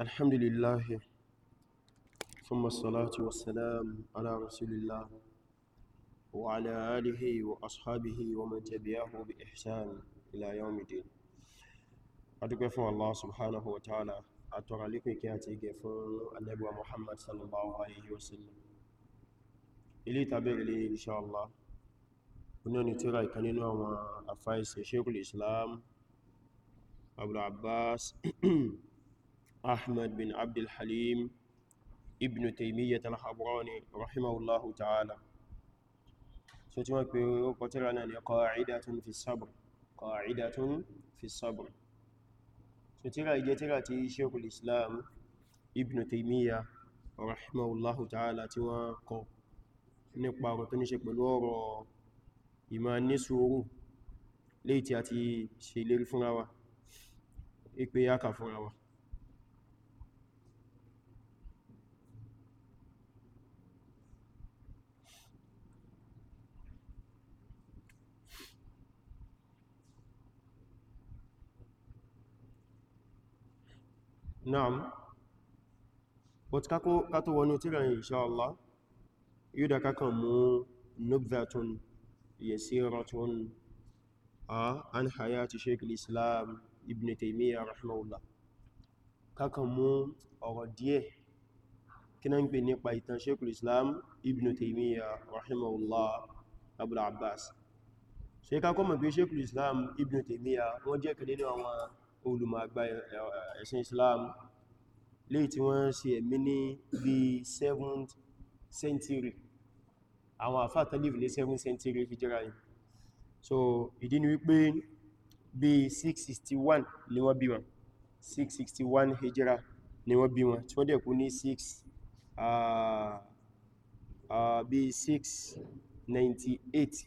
الحمد لله ثم الصلاة والسلام على رسول الله وعلى آله وأصحابه ومن تبعه بإحسان إلى يوم الدين أدوك فو الله سبحانه وتعالى أترى لكم كاتي كفو النبي محمد صلى الله عليه وسلم إلي تابع لي إن شاء الله هنا نترى كنينو وأفايس شيخ الإسلام أبو العباس أحمد بن عبد الحليم ابن تيمية الحبراني رحمه الله تعالى سوتما قتلنا قاعدة في الصبر قاعدة في الصبر سوتما جتلة شيخ الإسلام ابن تيمية رحمه الله تعالى توقع nípa ọ̀rọ̀ tó ní ṣe pẹ̀lú ọ̀rọ̀ ìmá ní sùúrù léè tí a ti ṣe ìlérí fúnra wa ìpé yáka fúnra wa na'am but kato wani tiran insha Allah yi da kakan mu nubzatun yasiratun a an hayati sheik islam ibn taimiyya rahimahullah kakan mu ọ̀rọ̀ díẹ̀ kí na ń pè nípa ìtàn sheik islam ibn taimiyya rahimahullah abul abbas ṣe kakọ́ mọ̀ bí sheik islam ibn taimiyya wọ́n jẹ́ kan nínú àwọn olùmọ̀ àgbà eh, Islam léyìí tí wọ́n ṣe ẹ̀mí ní bí 7 century àwọn àfáà tán live ní 7th century hijira yìí so ìdí ni wípé bí 661 ni wọ́n bí wọn 661 hijira ni wọ́n bí wọn tí wọ́n dẹ̀ kú ní 6 uh, uh, bí 698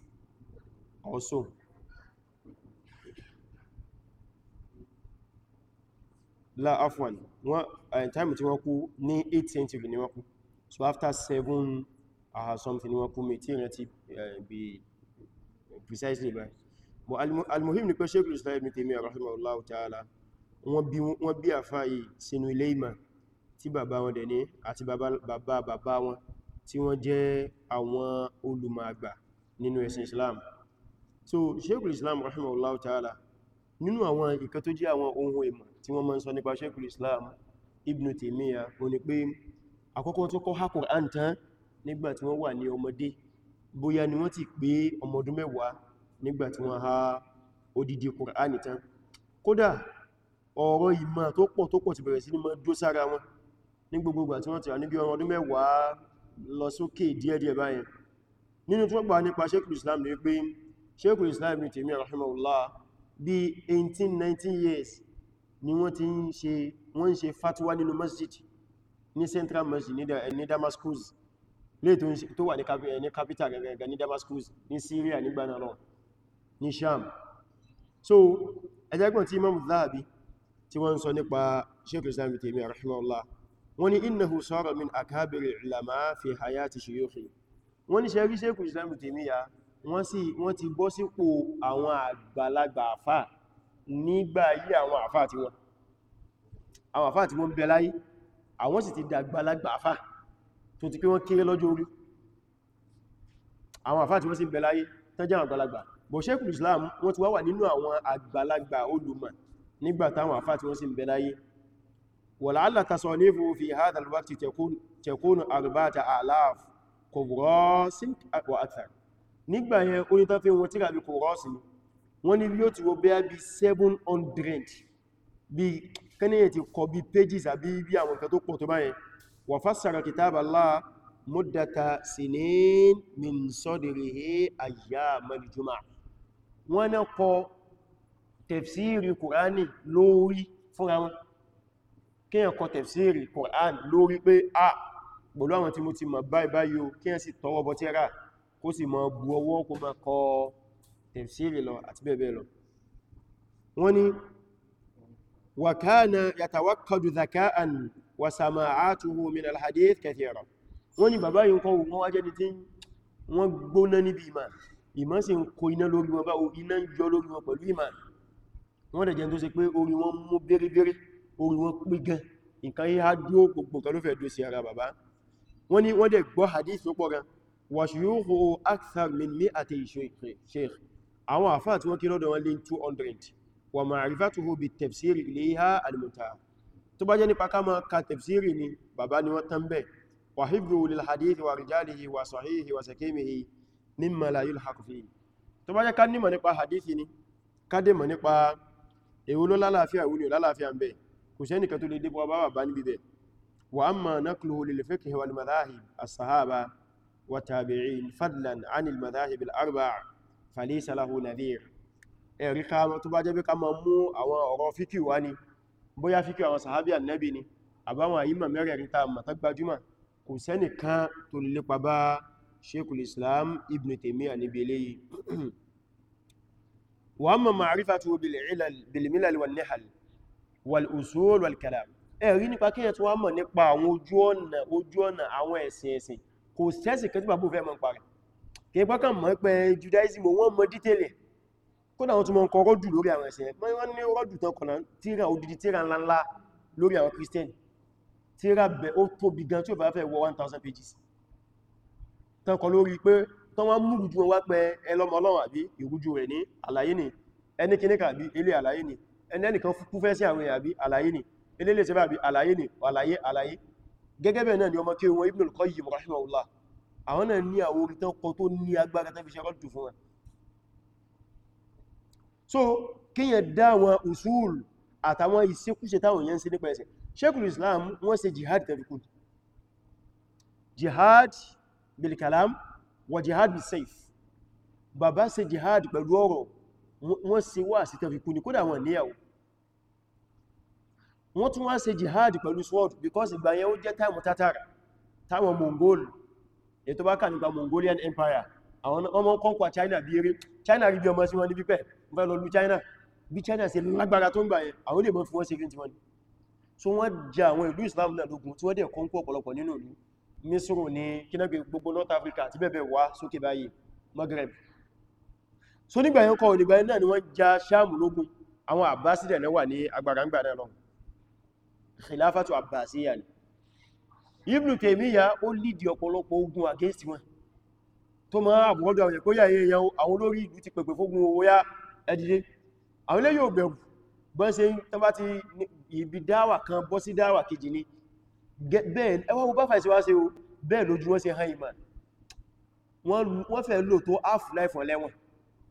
also la afwan wọ́n eh, time tí wọ́n kú ní 8 century ni wọ́n kú so after 7 uh, ah, something ni wọ́n kú mi tí ìrántí eh, bí precisely Mo but almuhim ni pé sheikh islam ibn taymiyyah rahimahullah ta'ala wọ́n bí wọ́n bí àfá yìí sínú ilé ìmọ̀ tí bàbá wọn dẹ̀ baba baba bàbá bàbá wọn tí wọ́n jẹ́ àwọn olùmọ̀ àgbà islam so sheikh islam rahimahullah ta'ala nínú àwọn ìkan tó jẹ́ àwọn ohun ìmọ̀ tí wọ́n máa ń sọ nípa Sheikhul Islam Ibn Taymiyyah ó ní pé àkọ́kọ́ tó kọ́ ha Qur'an tán nígbà tí wọ́n wà ní ọmọdé bóyá ni wọ́n ti pé ọmọ mẹ́wàá nígbà tí wọ́n ha odidi Qur'an tán kódà ọ̀rọ̀ ìmọ̀ tó pọ̀ tó pọ̀ ti bẹ̀rẹ̀ sí ní máa dó sára wọn ní gbogbogbà tí wọ́n Islam ni pé Sheikhul Islam Ibn rahimahullah bí 18 19 years ni wọ́n ti ń ṣe wọ́n ń ṣe fatuwa nínú masjid ní central masjid ní Damascus lè tó wà ní capital gẹ̀gẹ̀gẹ̀ ní Damascus ní Syria nígbà náà lọ ní Sham so ẹjẹ́gbọ́n tí Imam Zahabi tí wọ́n sọ nípa Sheikh Islam bin Taymiyyah wọ́n ni min akabiri ulama fi hayati shuyukhi wọ́n ni Sheikh Islam bin Taymiyyah wọ́n ti bọ́ sípò nígbà ayé àwọn àfáà tí wọ́n àwọn àfáà tí wọ́n bẹ láyé àwọn sì ti dàgbàlagbà àfáà tó ti pé wọ́n kéré lọ́jọ́ orí àwọn àfáà tí wọ́n sì bẹ láyé tọ́já àgbàlagbà bọ̀ Sheikhul Islam wọ́n ti wá wà nínú àwọn àgbàlagbà olùmọ̀ nígbà táwọn àfáà tí wọ́n sì wọ́n ní yóò ti wo bẹ́ẹ̀ bí 700 bí kẹ́nìyàn ti kọ bí pages àbí bí àwọn nǹkan tó pọ̀ tó báyẹn wà fassara kitab Allah muddata sinin min sadrihi ayyamal jumu'ah wọ́n náà kọ tẹ̀fsìrì kùránì lórí fúnra wọn kíyàn kọ tẹ̀fsìrì kùránì lórí pé a pẹ̀lú àwọn tí mo ti mọ̀ báyìí báyìí kíyàn sì tọwọ́ bọ́ tẹ́ra kó sì mọ̀ bu ọwọ́ kó máa kọ́ tẹ̀fsìrì lọ àti bẹ́ẹ̀bẹ́ẹ̀ lọ wọ́n ni wa kana yatawakkadu dhaka'an wa sama'atuhu min alhadith kathira wọ́n ni bàbá yìí kọ́ wọ́n wájẹ́ ni tí wọ́n gbóná níbi ìmá ìmá sì ń kó iná lórí wọn bá iná ń jọ lórí wọn pẹ̀lú ìmá wọ́n dẹ̀ jẹ́ tó ṣe pé orí wọn mú bẹ́rẹ́bẹ́rẹ́ orí wọn pí gan nǹkan yí hádó gbogbo kan ló fẹ́ dó sí ara bàbá wọ́n ni wọ́n dẹ̀ gbọ́ hadith tó pọ̀ gan wa shuyukhu akthar min mi'ati shaykh àwọn àfáà tí wọ́n kí lọ́dọ̀ wọn lé 200 wà ma'rifatuhu bi tafsiri ilayha al-muta tó bá jẹ́ nípa ká máa ka tafsiri ni bàbá ni wọ́n tán bẹ̀ wa hibru lil hadithi wa rijalihi wa sahihi wa sakimihi mimma la yulhaq fi tó bá jẹ́ ká nímọ̀ nípa hadithi ni ká dé mọ̀ nípa èwo ló lálàáfíà wúni lálàáfíà ń bẹ̀ kò wa tabi'in fadlan 'anil madahib al-arba'a falaysa lahu nadhir ẹ̀rí ká tó bá jẹ́ bí ká máa mú àwọn ọ̀rọ̀ fíkì wá ni bóyá fíkì àwọn sàhábí ànábì ni àbáwọn àyímà mẹ́rẹ̀ẹ̀rin ta mọ̀tá gbajúmọ̀ kò sẹ́nì kan tó lépa bá Sheikhul Islam Ibn Taymiyyah níbi eléyìí wa amma ma'rifatuhu bil milal wan nihal wal usul nípa kẹgbọ́kà mọ́ pẹ̀ judaism wọ́n mọ́ dítẹ̀lẹ̀ kódà wọ́n tún mọ́ ń kọ rọ́dù lórí àwọn ẹ̀sẹ̀ wọ́n ní rọ́dù tán kọ̀nà tíra odidi tíra ńláńlá lórí àwọn christian tíra bẹ̀ ó tóbi gan tí ó bá fẹ́ wọ 1000 pages tán kọ lórí pé tán wọ́n mú rújú wá pẹ́ ẹlọ́mọ ọlọ́run àbí ìrújú rẹ̀ ní àlàyé ni ẹni kìníkà àbí ilé àlàyé ni ẹni àwọn náà ní àwọn orí tán kọ tó ní agbára tán fi ṣe rọ́dù fún wọn so kíyàn dá àwọn usul àtàwọn ìṣekúṣe táwọn yẹn sí nípa ẹ̀sẹ̀ Sheikhul Islam wọ́n ṣe jihad tẹ̀lùkù jihad bil kalam wa jihad bil sayf bàbá ṣe jihad pẹ̀lú ọ̀rọ̀ wọ́n ṣe wá sí tẹ̀lùkù ní kódà wọn níyàwó wọ́n tún wá ṣe jihad pẹ̀lú sword because ìgbà yẹn ó jẹ́ táwọn Tatar táwọn Mongol èyí tó bá kà nípa Mongolian Empire àwọn ọmọ kọ́nkọ̀ China bí eré China rí bí ọmọ sí wọn ní pípẹ́ wọ́n lọ lú China bí China ṣe lágbára tó ń gbà yẹn àwọn olè mọ́ fi wọ́n ṣe gíntí wọn ni so wọ́n ja àwọn ìlú Islam náà lógun Africa àti bẹ́ẹ̀ wá Maghreb so nígbà yẹn kọ́ nígbà yẹn náà ni wọ́n ja Ṣáàmù lógun àwọn Abbasida lẹ́wà ní agbára ń gbà Khilafatu Abbasiyya ni Ibn Taymiyyah ó lìdí ọ̀pọ̀lọpọ̀ ogun against wọn tó ma àbúrọ́dọ̀ àwọn ẹ̀kọ́ yà èèyàn àwọn olórí ìlú ti pẹ̀pẹ̀ fógun owó yá ẹdìdé àwọn ilé yóò bẹ̀rù bọ́n ṣe tán bá ti ibi dáwà kan bọ́ sí dáwà kejì ni bẹ́ẹ̀ ẹwà bá fà ìsíwá ṣe o bẹ́ẹ̀ lójú wọ́n ṣe hàn ìmà wọ́n fẹ́ lò tó half life wọn lẹ́wọ̀n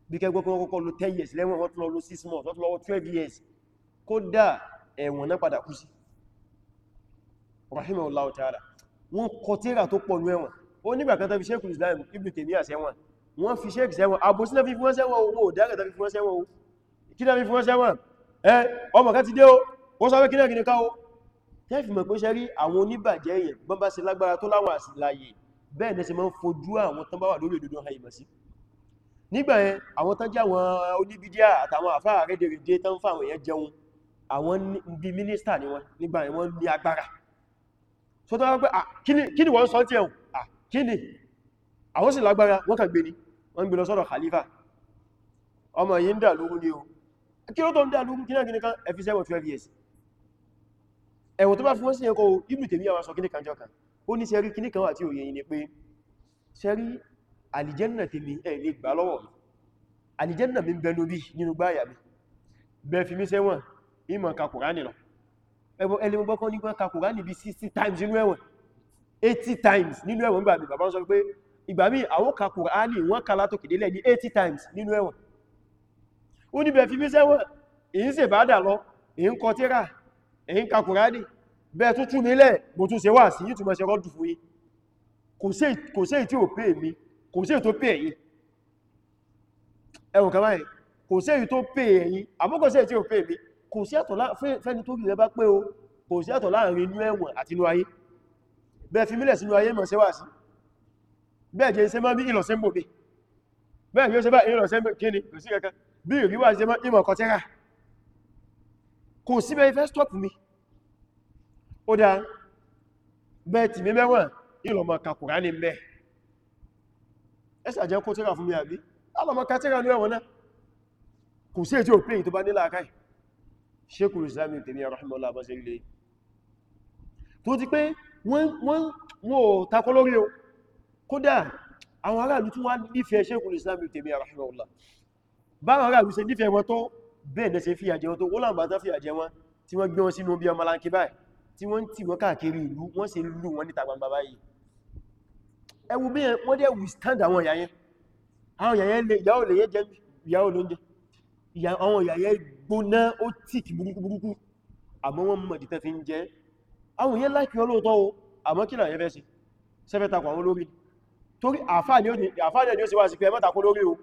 bí kẹgbẹ́ kan kọ́kọ́ lo 10 years lẹ́wọ̀n wọ́n tún lọ lo 6 months wọ́n tún lọ 12 years kódà ẹ̀wọ̀n náà padà kú sí rahimahullahu ta'ala wọ́n kọ tírà tó pọ̀ lẹ́wọ̀n ó nígbà kan tó fi Sheikhul Islam Ibn Taymiyyah sẹ́wọ̀n wọ́n fi Sheikh sẹ́wọ̀n àbòsí náà fi fún sẹ́wọ̀n owó dára tàbí fún sẹ́wọ̀n owó kí náà fi fún sẹ́wọ̀n ẹ ọmọ ká ti dé o ó sọ pé kí náà kí ní ká o tẹ́fì mọ̀ pé sẹ́rí àwọn oníbàjẹ́ yẹn bọ́n bá ṣe lágbára tó láwọn àsìláyè bẹ́ẹ̀ ní ṣe máa ń fojú àwọn tán bá wà lórí òdodo haìmọ̀ sí nígbà yẹn àwọn tán jẹ́ àwọn oníbídíà àtàwọn àfáà rédèrèdè tán fáwọn èèyàn jẹun àwọn bí mínísítà ni wọ́n nígbà yẹn wọ́n ní agbára so tó wá pé kíni kini sọ tí ẹ̀hùn kíni àwọn sì lágbára wọ́n kàn gbé ní wọ́n gbé lọ sọ́dọ̀ khalifa ọmọ yìí ń dà lógún ní o kí ló tó ń dà lógún kí náà kí ní kan ẹfi sẹ́wọ̀n 12 years ẹ̀wọ̀n tó bá fún wọ́n sí ẹkọ́ ibù tèmí àwọn sọ kí ní kan jọ kan ó ní sẹ́rí kí ní kan àti òye yìí ni pé sẹ́rí àlìjẹ́nà tèmi ẹ̀ lè gbà lọ́wọ́ mi àlìjẹ́nà mi ń bẹnu bí nínú gbáyà mi bẹ́ẹ̀ fi mí sẹ́wọ̀n ìmọ̀ ka Kùránì lọ ẹlẹ́mú bọ́kọ́ ní pẹ́ kakùrá níbi 60 times nínú ẹ̀wọ̀n 80 times nínú ẹ̀wọ̀n gbàmí bàbá sọ pé ìgbà míì àwọn ní wọ́n kàlá tó kìdílẹ̀ ní 80 times nínú ẹ̀wọ̀n ó níbẹ̀ fi mísẹ́wọ̀n èyí ṣe bá dà lọ èyí kọ tíra èyí kakùrá ní bẹ́ẹ̀ tó tún nílẹ̀ bó tún ṣe wà sí yìí túnmọ̀ ṣe rọ́dù fún yìí kò sí èyí tó pè mí kò sí èyí tó pè ẹ̀yìn ẹ̀wọ̀n kàmáyìn kò sí èyí tó pè ẹ̀yìn àmọ́ kò sí àtọ̀ fẹ́ni tó rẹ̀ bá pé o kò sí àtọ̀ láàrin inú ẹ̀wọ̀n àti inú ayé bẹ́ẹ̀ fi mílẹ̀ sínú ayé mọ̀ ṣe wà sí bẹ́ẹ̀ jẹ́ ṣe máa bí ìlọ̀ṣẹ́ mbò bí bẹ́ẹ̀ yóò ṣe bá ìlọ̀ṣẹ́ kíni kò sí kankan bí ìríwà ṣe máa ìmọ̀ kọtẹ́rà kò sí bẹ́ẹ̀ fẹ́ stop mi ó dá bẹ́ẹ̀ tì mí mẹ́wọ̀n ìlọ̀mọ̀ kàkùrá ní bẹ́ẹ̀ ẹsà jẹ́ kó tẹ́rà fún mi àbí alọ́mọ̀ kàtẹ́rà ní ẹ̀wọ̀n náà kò sí ètí òpin tó bá nílà akáì Sheikhul Islam Ibn Taymiyyah rahimahullah bá ṣe ilé tó ti pé wọ́n ò takọ lórí o kódà àwọn aráàlú tún wá nífẹ̀ẹ́ Sheikhul Islam Ibn Taymiyyah rahimahullah báwọn aráàlú ṣe nífẹ̀ẹ́ wọn tó bẹ́ẹ̀ nẹ́sẹ̀ fìyà jẹ wọn tó wọ́n làmbá tá fìyà jẹ wọn tí wọ́n gbé wọn sínú bí ọmọ láńkí báyìí tí wọ́n tì wọ́n káàkiri ìlú wọ́n sì lù wọ́n níta gbangba báyìí ẹwù bí wọ́n dẹ̀ withstand àwọn ìyàyẹn àwọn ìyàyẹn lè ìyàwó lè yẹ́ jẹ́ ìyàwó lóúnjẹ àwọn ìyàyẹn gbóná ó tík burúkú burúkú àmọ́ wọ́n mọ̀ dìtẹ́ fi ń jẹ́ àwọn yẹn láìkí ọlọ́ọ̀tọ́ o àmọ́ kí làyẹ́ fẹ́ sí sẹ́fẹ́ takọ̀ àwọn olórí torí àfáà ni ó sì wá sí pé ẹmọ́ta kó lórí o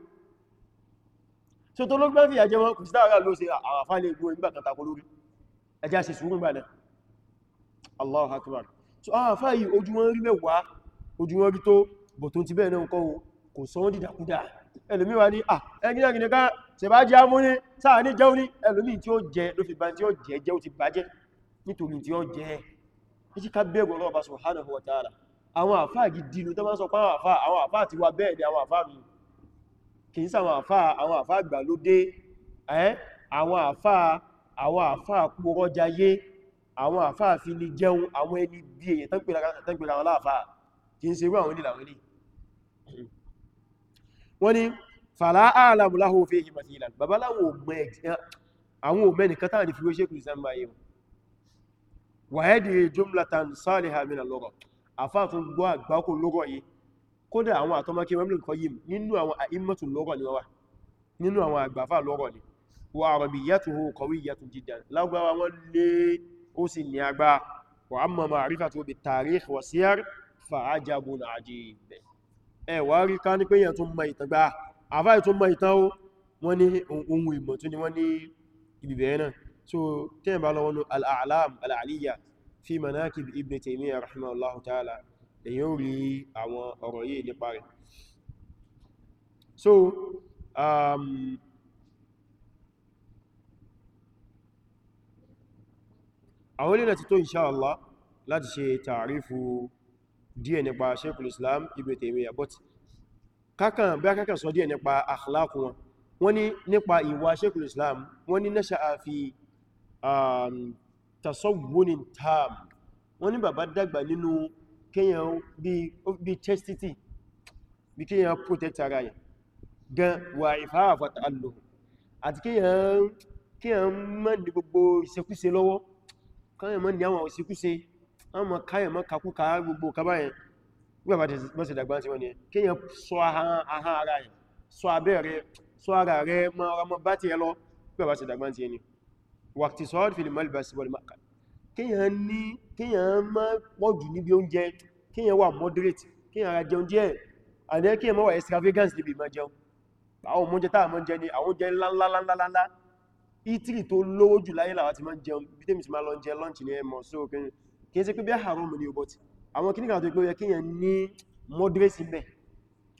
so tó lórí mẹ́fì àjẹ́ wọn kò sí dára ló sí àfáà lè gbọ́ nígbà kan takọ̀ lórí ẹjá sì sùúrù so àfáà yìí ojú wọn rí mẹ́wàá ojú wọn rí tó bọ̀ tó ti bẹ́ẹ̀ náà kọ́ kò sọ wọ́n dìdàkúdà ẹlòmí wa ní ah ẹgbẹ́ ìgbìnà ká ṣe bá jẹ́ amú ní sáà ní jẹun ní ẹlòmí tí ó jẹ ló fi bá tí ó jẹ jẹ́ ó ti bàjẹ́ nítorí tí ó jẹ ẹ́ jí ká bẹ̀rù Ọlọ́run subhanahu wa ta'ala àwọn àfáà gidi ni tó bá sọ pé àwọn àfáà àwọn àfáà ti wá bẹ́ẹ̀ ni àwọn àfáà mi kì í sàwọn àfáà àwọn àfáà gbà ló dé àwọn àfáà àwọn àfáà pòrọ jayé àwọn àfáà fi ní jẹun àwọn ẹni bí èyàn tán pèlà àwọn aláàfáà kì í ṣe irú àwọn ilé làwọn ilé wọ́n ni fàlá àlàmù láhò fi hì màtílà bàbá láwọn òmẹ́ nìkan tàà ní fi wéṣẹ́ kùrì sánmà yìí wà ẹ́dì jùmlatan sáàlìhà mìnà lọ́rọ̀ àfáà tún gbọ́ àgbákò lọ́rọ̀ yìí kódà àwọn àtọ́mọ́kí mẹ́mìlì kọ́ yìí nínú àwọn àìmọ̀tù lọ́rọ̀ ni wà nínú àwọn ẹ̀wà rí ká ní pé èyàn tó mọ ìtàn gbá àfá ìtò mọ ìtàn ó wọ́n ní ohun ìmọ̀ tó ní wọ́n ní ibìbẹ̀ náà so tẹ́yìn bá lọ́wọ́nú al'alam al'aliyya fi manakib ibn Taymiyyah rahimahullahu ta'ala èyàn ò rí àwọn so um, àwọn ilẹ̀ ti tó insha Allah láti díẹ̀ nípa Sheikhul Islam Ibn Taymiyyah but kákan bí kákan sọ díẹ̀ nípa akhlaq wọn wọ́n ní nípa ìwà Sheikhul Islam wọ́n ní nasha'a fi um, tasawwunin tam wọ́n ní bàbá dàgbà nínú kíyàn bí chastity bí kíyàn protect ara yẹn gan wà ìfáàfà ta'allu àti kíyàn mọ́ ní gbogbo ìṣekúṣe lọ́wọ́ kíyàn mọ́ ní àwọn ìṣekúṣe ọmọ káyàn mọ́ kakúkà gbogbo kábáyẹn gbàbá ti bọ́ sí dàgbà sí wọn ni ẹ kíyàn sọ ahán ara ẹ̀ sọ abẹ́ rẹ̀ sọ ara rẹ̀ mọ́ ọmọ bá ti ẹ lọ gbàbá sí dàgbà sí ẹni wàtí sọ́ọ́dì fìlì malibasi wọlé maka kíyàn wà moderate kíyàn ara jẹun díẹ̀ àdẹ́ kíyàn má wà extravagance níbi ìmọ̀ jẹun àwọn oúnjẹ táà mọ́ jẹ ni àwọn oúnjẹ ńláńláńláńlá ìtìrì tó lówó jù láyé làwọn ti máa jẹun bí tèmi ti máa lọ jẹ lọ́nchì ní ẹmọ̀ sóòkè kìí ṣe pé bí haram ni ọbọ̀tí àwọn kí ní kàtò kí yẹn ní moderate mẹ́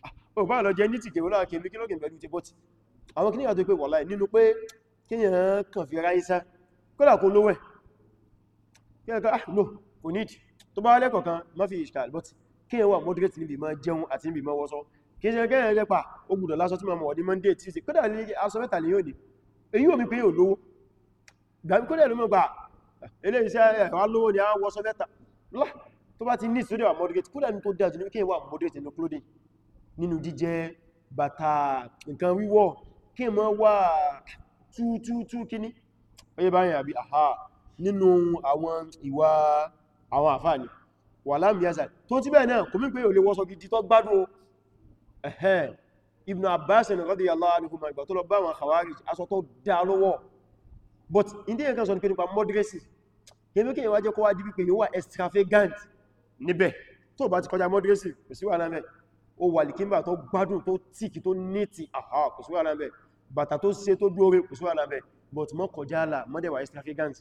ah, o bá lọ jẹ ní ti kèwọ́lá kèmí kí lókè pẹ̀lú ti bọ́tí àwọn kí ní kàtò pé wọ̀lá nínú pé kí yẹn kàn fi ra isa kọ́lá kó lówẹ̀ kí yẹn ká ah, no kò moderate níbi máa jẹun àti níbi máa wọ́sọ́ kìí ṣe kẹ́yẹn lẹ́pa ó gbùdọ̀ lásọ tí ma mọ̀ ní monday tuesday kọ́dà ní aṣọ mẹ́ta ló mọ̀ gbà ilé iṣẹ́ ẹ̀wà lówó ni a wọ́ sọ mẹ́ta lọ́ tó bá ti ní ìsúrí wà moderate kúrẹ̀ ní tó dájú ní kí wà moderate nínú clothing nínú jíjẹ bàtà nǹkan wíwọ̀ kí mọ́ wà túútúútú kíní oye báyìí àbí àhá nínú àwọn ìwà àwọn àfáàní wà láàmìyàsà tó ti bẹ́ẹ̀ náà kò mí pé olè wọ́sọ gidi tó gbádùn ẹ̀hẹ́ Ibn Abbas radiyallahu anhuma ìgbà tó lọ bá àwọn Khawarij aṣọ tó dá lọ́wọ́ but in the kan sọ ní pé nípa moderacy kebe ke wa jẹ́ kó wá di bí pé yóò wà extravagant níbẹ̀ tó bá ti kọjá moderacy kò sí wàhálà ńbẹ̀ ó wà likimba tó gbádùn tó tiki tó niti aha kò sí wàhálà ńbẹ̀ bàtà tó ṣe tó dure kò sí wàhálà ńbẹ̀ but mo kọjá la mo de wà extravagant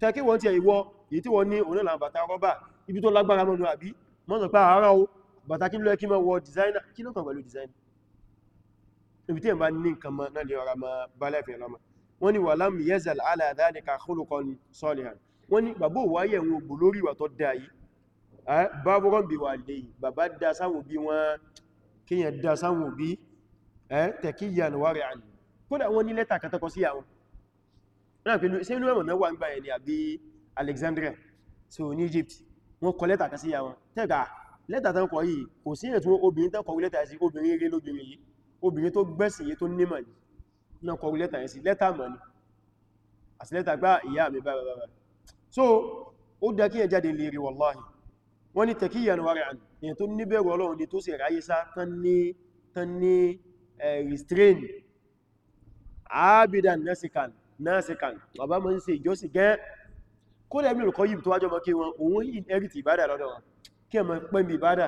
te ke wọ́n ti ìwọ yi tí wọ́n ní ona la bàtà roba ibi tó lágbára mo nu àbí mo sọ pé ara o bàtà kin lo e kin mo wo designer kin lo kan pẹ̀lú design ibi tí en bá ní nǹkan mo na le ara ma ba life en lo mo wọ́n ní walam yazal ala dhalika khuluqan salihan wọ́n ní bàbá òwá yẹ̀ wọn ògbò lórí ìwà tó dáa yìí bábúrán bí wà lè bàbá dá sáwọn òbí wọn kíyàn dá sáwọn òbí tẹ̀kíyàn wà rẹ̀ àní kódà wọ́n ní lẹ́tà katakọ sí àwọn obìnrin tán kọ lẹ́tà tó gbẹ̀sìn yìí tó náà kọrù lẹ́tà yẹn sí lẹ́tà mọ̀ ní àti lẹ́tà gbá ah, ìyá mi bá bàbá so ó dá kí ẹ jáde lè rí wallahi wọ́n ni tẹ̀kíyàn wárí àn èyàn tó ní bẹ̀rù Ọlọ́run ni tó sì ráyé sá tán ní restrain abidan nasikan nasikan bàbá mọ́ ń ṣe ìjọsìn gẹ́ kódà Ibn al-Qayyim tó wájọ́ mọ́ kí wọn òun inherit ìbádà lọ́dọ̀ wọn kí ẹ mọ́ pẹ́ mi ìbádà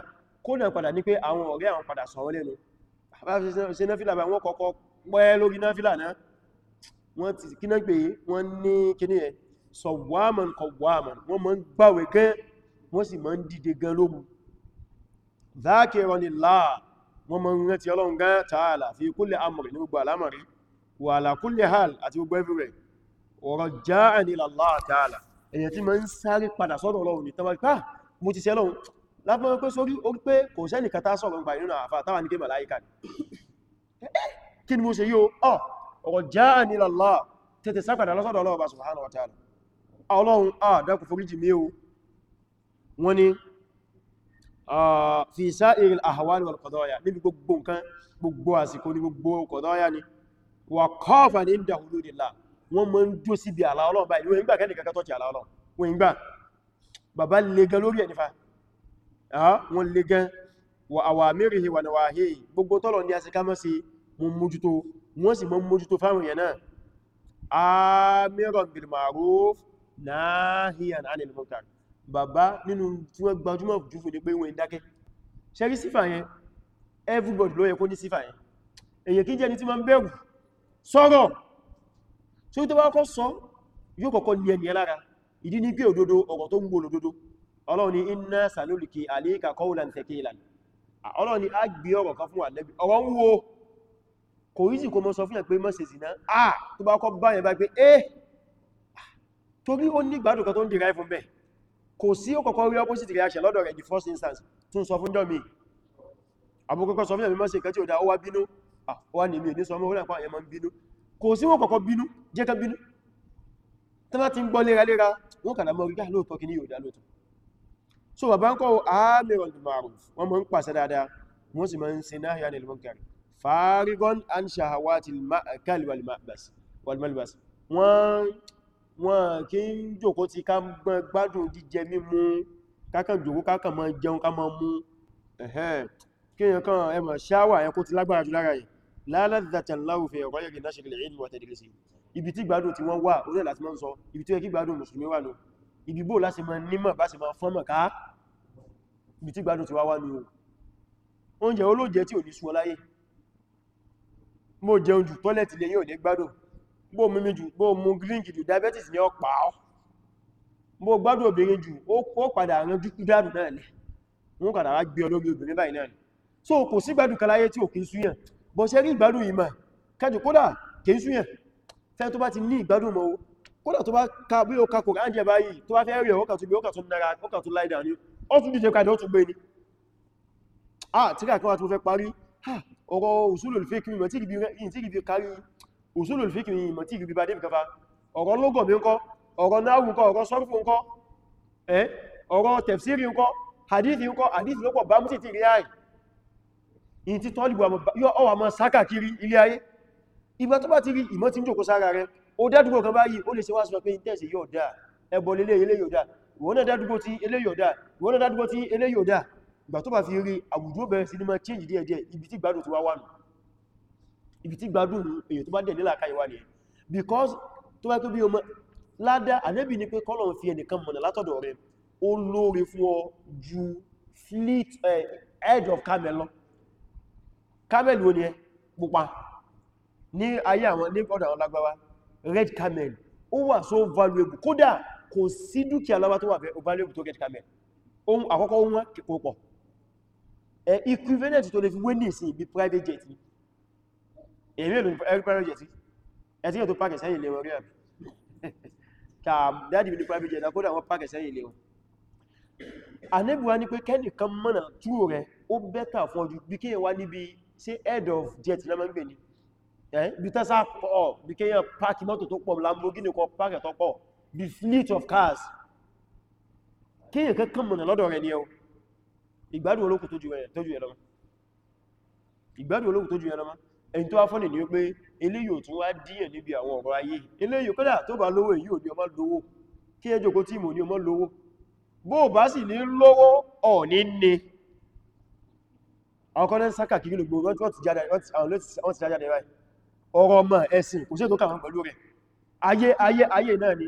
kódà padà ní pé àwọn ọ̀rẹ́ pẹ́ lórí náfílà náà wọ́n ti kí náà pé wọ́n ní kíní ẹ̀ sọ̀wọ́mọ̀n kọ̀wọ́mọ̀n wọ́n mọ́ ń gbàwẹ̀ gan wọ́n sì mọ́ ń dìde gan lóru dhakiranillah wọ́n mọ́ ń rántí Ọlọ́run gan ta'ala fi kulli amri ní gbogbo alamari wa ala kulli hal àti gbogbo everywhere ọ̀rọ̀ ja'an ila Allah ta'ala èyàn tí ma ń sáré padà sọ́dọ̀ Ọlọ́run ní tàbí pá mo ti sẹ́lọ́run lápẹ́ pé sórí orí pé kò sẹ́nìkàtà sọ̀rọ̀ gbà nínú àfà táwà ní kémà láyíká ni kí ni mo ṣe yóò ọ̀ ah, ọ̀rọ̀ ja'ani ila Allah tètè sápàdà lọ́sọ́dọ̀ Ọlọ́run subhanahu wa ta'ala ah, Ọlọ́run a ah, dákun foríjì mí o wọ́n ni fi sa'iri al-ahwal wal qadaya níbi gbogbo nǹkan gbogbo àsìkò ní gbogbo qadaya ni wa qafan inda hududillah wọ́n mọ́ ń dó síbi àlà Ọlọ́run báyìí wọ́n ìgbà kẹ́lì lè gan lórí ẹ̀nífà wọ́n lè gan gbogbo tọ́lọ̀ ní a mọ́ sí mú mójútó wọ́n sì mọ́ mójútó fáwọn èèyàn náà amiran bil ma'ruf nahiyan anil munkar bàbá nínú tí wọ́n gbajúmọ̀ jù fún ní pé wọ́n dákẹ́ ṣẹ́rí sífà yẹn everybody ló yẹ kó ní sífà yẹn èyàn kí jẹ́ ní tí ma ń bẹ̀rù sọ̀rọ̀ tí ó tó bá kọ́ sọ yóò kọ́kọ́ ní ẹni lára ìdí ní pé òdodo ọ̀rọ̀ tó ń gbò lòdodo ọlọ́run ni inna salulki alayka qawlan kò rí sí kò mọ́ sọ fún yàn pé mọ́ ṣe zìná àà ah! tó bá kọ́ báyẹ̀ bá pé eh torí ó ní gbádùn kan tó ń dìrá ẹfún bẹ̀ kò sí ó kọ̀kọ́ rí opposite reaction lọ́dọ̀ rẹ̀ the first instance tún sọ fún jọmi àbúkọ́kọ́ sọ fún yàn mọ́ ṣe nǹkan tí ó dá ó wá bínú ah, wá ní mi ò ní sọ mọ́ ó yàn mọ́ bínú kò sí wọn kọ̀kọ́ bínú jẹ́ kan bínú tí wọ́n ti ń gbọ́ léra léra wọ́n kàdà mọ́ rígbà ah, lóòtọ́ kì ní yóò dá lóòtọ́ so bàbá ń kọ́ ààmì rọ̀lùmọ̀rùn wọ́n mọ́ ń pàṣẹ dáadáa farigon an shahawati al-ma'kal wal malbas wal malbas wọ́n wọ́n kin jókòó tí kan gbádùn jíjẹ mímu kakan jókòó kakan má jẹun ká má mu ehe kiyan kan ẹ má shawa yẹn kò tí kí gbádùn muslimi wà no ibi láti má nimo bá ṣe má fọ́n ká ibi tí gbádùn tí wà wà ni o oúnjẹ olóòjẹ tí ò ní sú láyé mo jẹun jù tọ́lẹ̀tì lè yíò ní gbádùn bó mímí jù bó mú gíríngì jù diabetes ní ọpa ọ́ bó gbádùn obìnrin jù ó kó padà rán jùkú dànù náà lẹ̀ wọ́n kàdà rá gbé olórí obìnrin báyìí náà so kò sí gbádùn kaláyé tí ò kí súyàn bọ́ ṣe rí ìgbádùn ìmọ̀ kẹjù kódà kí súyàn fẹ́ tó bá ti ní ìgbádùn mọ́ kódà tó bá ka bí ó ka ránjẹ báyìí tó bá fẹ́ rí ọkà tó gbé ọkà tó nára ọkà tó láìdà ní ó tún dìje kadà ó tún gbé ni ah tí kàkọ́ wa tó fẹ́ parí ọ̀rọ̀ usulul fiqh mi tí kìí fi kárí usulul fiqh mi tí kìí fi bá débi kafa ọ̀rọ̀ lógọ̀ mi ńkọ́ ọ̀rọ̀ náàwù ńkọ́ ọ̀rọ̀ sọ́rùfù ńkọ́ ọ̀rọ̀ tẹ̀fsírí ńkọ́ hadith ńkọ́ hadith lọ́pọ̀ bá mú sí ti rí àì in ti tọ́lìbù ọwà mọ́ sákàkiri ilé ayé ìgbà tó bá ti rí ìmọ̀ tí ń jòkó sára rẹ̀ ó dádúgbò kan báyìí ó lè ṣe wá sọ pé tẹ́ẹ̀sì yóò dáa ẹbọ̀ ìgbà tó bá fi rí àwùjọ bẹ̀rẹ̀ sí ní máa change díẹ̀ díẹ̀ ibi tí gbádùn ti wá wà nù ibi tí gbádùn èyàn tó bá dẹ̀ nílà káyíwá nìyẹn because tó bá tó bí ọmọ ládá ànẹ́bì ni pé kọ́lọ̀n fi ẹnìkan mọ̀nà látọ̀dọ̀ rẹ̀ ó lóore fún ọ ju fleet edge of camel lọ camel wo ni ẹ pupa ní ayé àwọn ní ọ̀dọ̀ àwọn lágbára red camel ó wà so valuable kódà kò sí dúkìá lábá tó wà valuable tó red camel ohun àkọ́kọ́ wọn kò pọ̀ Eh, equivalent tó lè fi wé ní ìsìn private jet ni èmi èlò ní eh, private jet ẹ̀tí yẹ̀ tó pàkẹ̀ sẹ́yìn lẹ́wọ̀ rí àbí ká dáadìí ní private jet akódà wọ́n pàkẹ̀ sẹ́yìn lẹ́wọ̀ anẹ́bùwa ní pé kẹ́nìkan mọ́nà tú rẹ̀ ó bẹ́tà fún ọdún bí kíyàn wá níbi sí head of jet lọ́mọ́ ń gbè ní eh, bí tẹ́sà pọ̀ bí kíyàn pàkì mọ́tò tó pọ̀ Lamborghini kọ pàkẹ̀ tó pọ̀ bí fleet of cars kíyàn kẹ́kàn mọ́nà lọ́dọ̀ rẹ̀ ni ìgbádùn olókù tó ju ẹlọ́mọ́ ìgbádùn olókù tó ju ẹlọ́mọ́ ẹni tó wá fọ́nì ní pé eléyìí ò tún wá díẹ̀ níbi àwọn ọ̀rọ̀ ayé eléyìí kódà tó bá lówó èyí ò ní ọmọ lówó kí ẹ jòkó tí mò ní ọmọ lówó bó bá sì ní lówó ọ̀ ní ní àwọn kọ́nẹ́ sákà kiri lògbò wọ́n ti jáde ráì ọ̀rọ̀ ọmọ ẹ̀sìn kò sí ètò kàwọn pẹ̀lú rẹ̀ ayé ayé ayé náà ni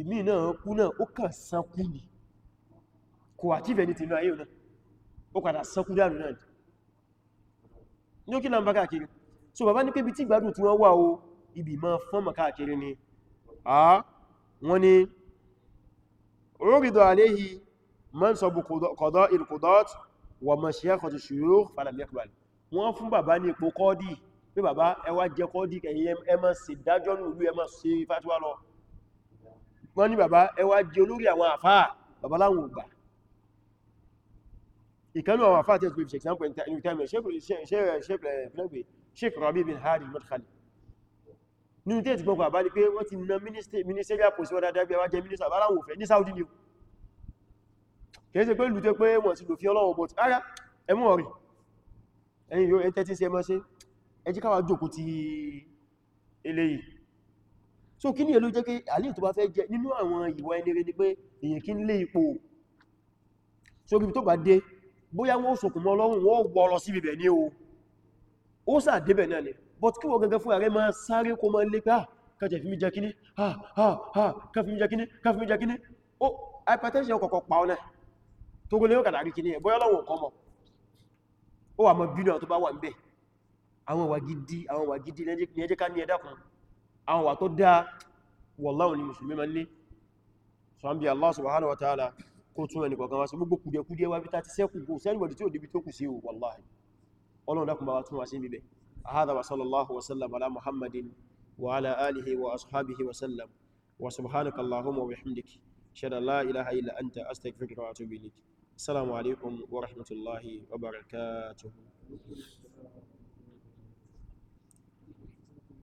ìmí náà kú náà ó kàn sánkú ni kò àtífẹ́ ní tìlú ayé náà ó padà sọkún dànù náà ní ó kí lámbá káàkiri so bàbá ní pé ibi tí ìgbádùn tí wọ́n wà o ibi ma fọ́nmà káàkiri ni a wọ́n ni orídọ̀ aléhi man sọ̀bù kọ̀dọ̀ ìrùkọ̀dọ̀t wà mọ̀ sí ẹkọ̀ ṣòro falamẹ́kùbàlì wọ́n fún bàbá ní ipò kọ́dì pé bàbá ẹ wá jẹ kọ́dì kẹ̀yìn ẹ àwọn àfáà bàbá láwọn ògbà ìkanú àwọn àfáà tẹ́sí for example in time sheik rabi bin hadi al-madkhali nínú tẹ́ẹ̀tì gbogbo àbá ní pé wọ́n ti na ministerial post wọ́n dáadáa bí wá jẹ́ minister bára wò fẹ́ ní saudi ni kìí ṣe pé lù tẹ́ pé wọ́n ti lò fi ọlọ́wọ́ bọ̀ ara ẹmú ọ̀rì ẹ̀yìn yóò ẹ̀tẹ́tí sí ẹmọ́ sí ẹjí káwà jòkó ti eléyìí so kí ni èlú jẹ́ kí àlíyàn tó bá fẹ́ jẹ nínú àwọn ìwà ẹni rẹ̀ ni pé èyàn kí ń lé ipò so bí tó bá dé bóyá wọ́n sòkùn mọ́ lọ́rùn wọ́n wọ́ lọ sí ibẹ̀ ní o ó sàdébẹ̀ náà ni but kí wọ́n gẹ́gẹ́ fún ààrẹ máa sáré kó máa lépa ah, kẹjẹ̀ fi mi jẹ kíní ha ah, ah, ha ha ká fi mi jẹ kíní ká fi mi jẹ kíní ó hypertension kọ̀kọ̀ pa ọ́nà tó gúnlé ó kàdàrí kíní ẹ̀ bóyá lọ́wọ́n kọ́ mọ̀ ó wà mọ́ bínú tó bá wà ń bẹ̀ àwọn wà gidi àwọn wà gidi ní ẹjẹ́ ká ní ẹ̀dá kan àwọn wà tó dáa wọ̀láwọn ni mùsùlùmí ma ní kó tún ẹnì kọ̀ọ̀kan wá sí gbogbo kùdẹ̀kùdẹ̀ wá bí ta ti sẹ́kù kò sẹ́nìbọ̀dì tí ò débi tó kù sí wallahi ọlọ́run